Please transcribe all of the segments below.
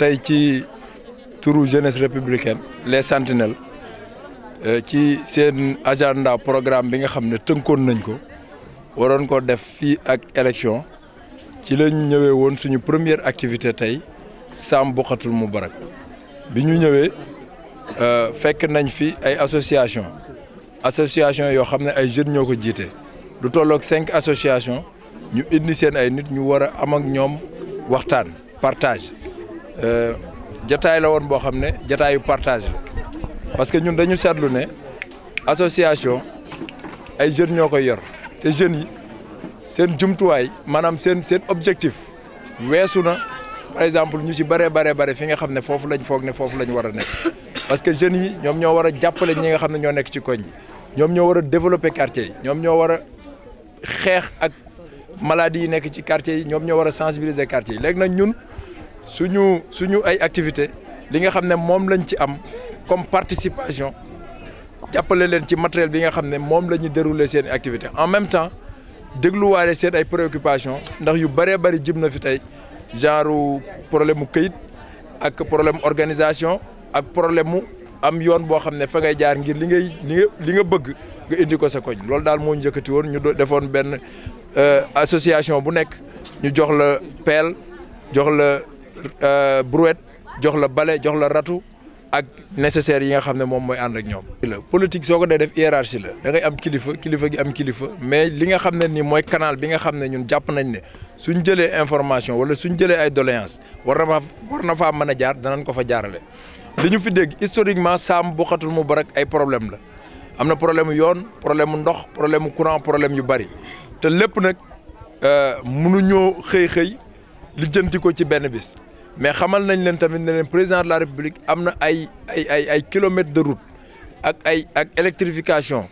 Qui ci une jeunesse républicaine les sentinelles euh, ci un agenda programme qui nga très ne élection première activité sans Samm Moubarak Nous avons euh, fekk nañ association association jeunes cinq associations ñu indi nous partage euh, jataay la woon bo xamné ne yu partage la parce que ñun dañu sétlu né association ay jeune ñoo koy yor te jeunes yi sen jumtuwaay manam sen sen objectif wessuna par exemple ñu ci bëree bare bare fi nga xamné fofu lañ foog ne foofu lañ wara nek parce que jeune yi ñom ño wara jappalé ñi nga xamné ño nek ci koñ yi ñoom ñoo war développer quartier yi ñoom ñoo war a ak maladie yi nek ci quartier yi ñoom ñoo war sensibiliser quartier yi léegi nag ñun suñu suñu ay activité li nga xamné mom lañ ci am comme participation jàppale leen ci matériel bi nga xamné mom lañu dérouler sen activité en même temps waré seen ay préoccupation ndax yu bari bari jëm na fi tay genre problème keuyit ak problème organisation ak problème am yoon bo xamné fa ngay jaar ngir li ngay li nga bëgg nga indi ko sa koñ loolu dal mo ñu njëkkati woon ñu defoon benn euh, association bu nekk ñu jox le pel jox le euh, brouette jox la balai jox la ratou, ak nécessaire yi nga xam mom moy and ak ñom la politique soko day def hiérarchie la da ngay am kilifa kilifa gi am kilifa mais li nga xam ni moy canal bi nga xam ñun japp nañ ne suñ jëlé information wala suñ jëlé ay doléance war na war na faa mën a jaar danañ ko fa jaarale. li fi dégg historiquement sam bu bokkatul mu barak ay problème la amna problème yoon problème ndox problème courant problème yu bari te lépp euh, mënu ñoo xey xey li jëntiko ci benn bis mais xamal nañ leen tamit ne leen président de la république am na ay ay ay ay kilomètres de route ak ay ak électrification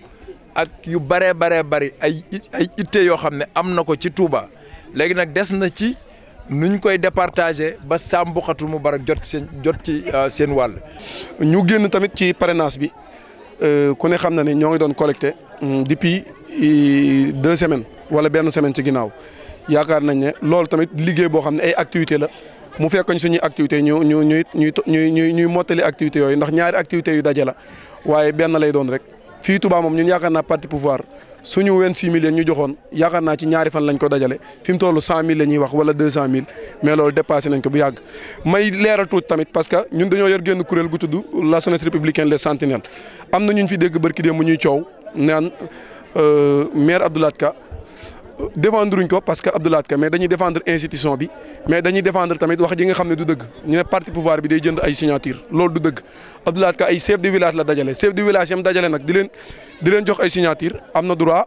ak yu bëree baree bëri ay ay itte yoo xam ne am na ko ci Touba léegi nag des na ci nuñ koy départager ba Sam Boukhatoul Moubarak jot seen jot ci euh, seen wàll. ñu génn tamit ci parrainage bi euh, ku ne xam na ne ñoo ngi doon collecté hmm, depuis euh, deux semaines wala benn semaine ci ginnaaw yaakaar nañ ne loolu tamit liggéey boo xam ne ay activité la. mu fekkoñ suñuy activité ñu ñu ñuy ñuy ñuy ñuy mottali yooyu ndax ñaari activité yu daje la waaye benn lay doon rek fii Touba moom ñun yaakaar naa parti pouvoir suñu 26 millions ñu joxoon yaakaar naa ci ñaari fan lañ ko dajale fi mu toll 100000 la ñuy wax wala 200000 mais loolu dépassé nañ ko bu yàgg. may leeral tuuti tamit parce que ñun dañoo yor génn kuréel gu tudd la jeunesse républicaine les sentinelles am na ñu fi dégg bërki barki démb ñuy coow naan euh, maire Abdoulaye Ka défendruñ ko parce que Abdou Lahad Ka mais dañuy défendre institution bi mais dañuy défendre tamit wax ji xam ne du dëgg ñu ne parti pouvoir bi day jënd ay signature loolu du dëgg Abdou Lahad Ka ay chef de village la dajale chef de village yam dajale nag di leen di leen jox ay signature am na droit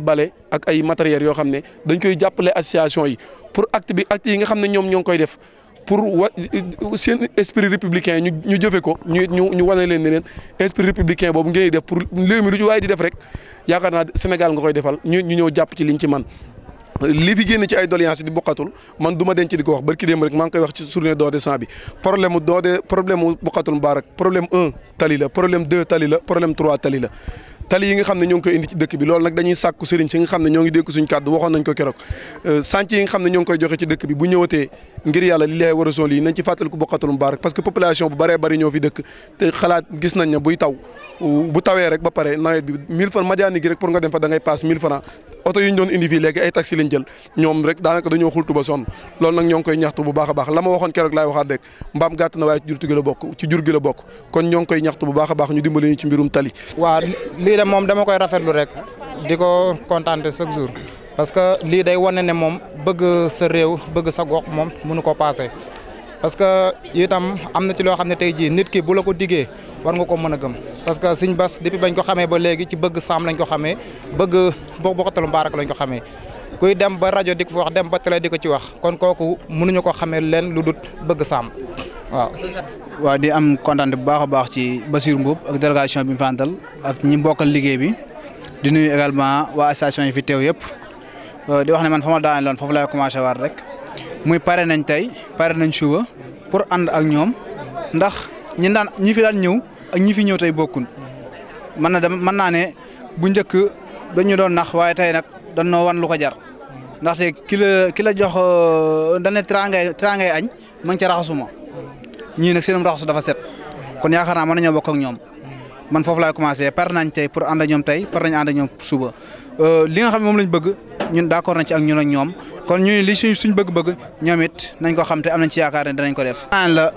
bale ak ay matériels yoo xam ne dañ koy jàppale association yi pour acte bi acte yi nga xam ne ñoom ñoo ngi koy def pour wa seen esprit républicain ñu ñu jëfe ko ñu ñu ñu wane leen ne leen esprit républicain boobu ngeen def pour léegi lu waaye di def rek yaakaar naa Sénégal nga koy defal ñu ñu ñëw jàpp ci liñ ci man li fi génn ci ay doléance di bokkatul man du ma denc di ko wax barki démb rek maa ngi koy wax ci journée don de sang bi problème mu don de problème mu bokkatul mbaarak problème un tali la problème deux la problème trois tali la. tali yi nga xam ne ñoo ngi koy indi ci dëkk bi loolu nag ñoo ngi dékk suñ kàddu euh, dëkk bi bu ñëwatee ngir yàlla li lay lii nañ ci fàttali ko bokkatul parce que population bu bëree bëri ñoo fi dëkk te xalaat gis nañ ne buy taw bu tawee rek ba pare nawet bi 1000 francs madiaani gi rek pour nga dem fa da ngay paas 1000 francs oto yi ñu indi fii léegi ay taxi lañ jël ñoom rek daanaka dañoo xultu ba sonn loolu nag ñoo ngi koy ñaxtu bu baax a baax la ma la bokk ci jur gi la de mom dama koy rafetlu rek di ko kontan chaque jour parce que li day wone ne mom bëgg sa réew bëgg sa gox mom mënu ko passer parce que itam amna ci lo xam tay ji nit ki bu la ko diggé war nga ko mëna gëm parce que Bass depuis bañ ko xamé ba légui ci bëgg sam lañ ko xamé bëgg bo talu mbarak lañ ko xamé kuy dem ba radio diko wax dem ba télé di ci wax kon mënu ñu ko xamé len lu dut bëgg sam waaw. waaw di am kontaan bu baax a baax ci bassir Mboup ak délégation bi mu fàntal ak ñi bokkal liggéey bi di nuy également waa station yi fi teew yëpp euh, di wax ne man fa ma daane loon foofu laay commencé waat rek muy pare nañ tey pare nañ suba pour ànd ak ñoom ndax ñi naan ñi fi daan ñëw ak ñi fi ñëw tey bokkun man na dem mën naa ne bu njëkk dañu doon nax waaye tey nag da dañoo wan lu ko jar ndaxte kila la jox euh, dañ ne teraangay teraangay añ ma ngi ca raxasuma ñii a seenum raxasu dafa set kon yaakaar naa mën nañoo bokk ak ñoom man foofu laay commencé par nañ tey pour ànd ñoom tey par nañ ànd ñoom suba euh, li nga xam moom lañ bëgg ñun d'accord nañ ci ak ñun ak ñoom kon ñu li suñ suñ bëgg-bëgg ñoom nañ ko xam te am nañ ci yaakaar ne danañ ko def.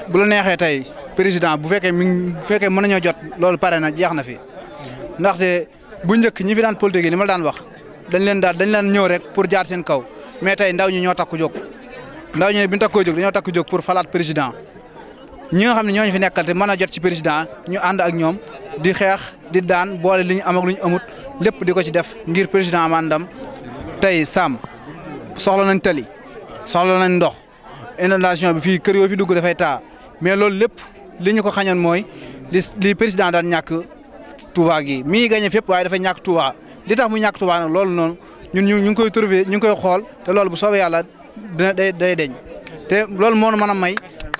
bu la neexee tey président bu fekkee mi bu fekkee mën nañoo jot loolu pare na jeex na fi ndaxte bu njëkk ñi fi daan politique ni ma daan wax dañ leen daal ñëw rek pour jaar seen kaw ñi nga xamni ñoo fi nekkal te mën jot ci président ñu and ak ñom di xex di daan boole li am ak lu amut lepp diko ci def ngir président am tay sam soxla nañ tali soxla nañ ndox inondation bi fi kër yo fi dugg da fay ta mais lool lepp li ko xañoon moy li président daan ñak Touba gi mi ngi fep way da fay ñak Touba li tax mu ñak Touba nak lool non ñun ñu ngi koy trouver ñu ngi koy xol te lool bu soobe yalla dina day day deñ te lool mo mën a may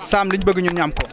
sam liñ bëgg ñun ñam ko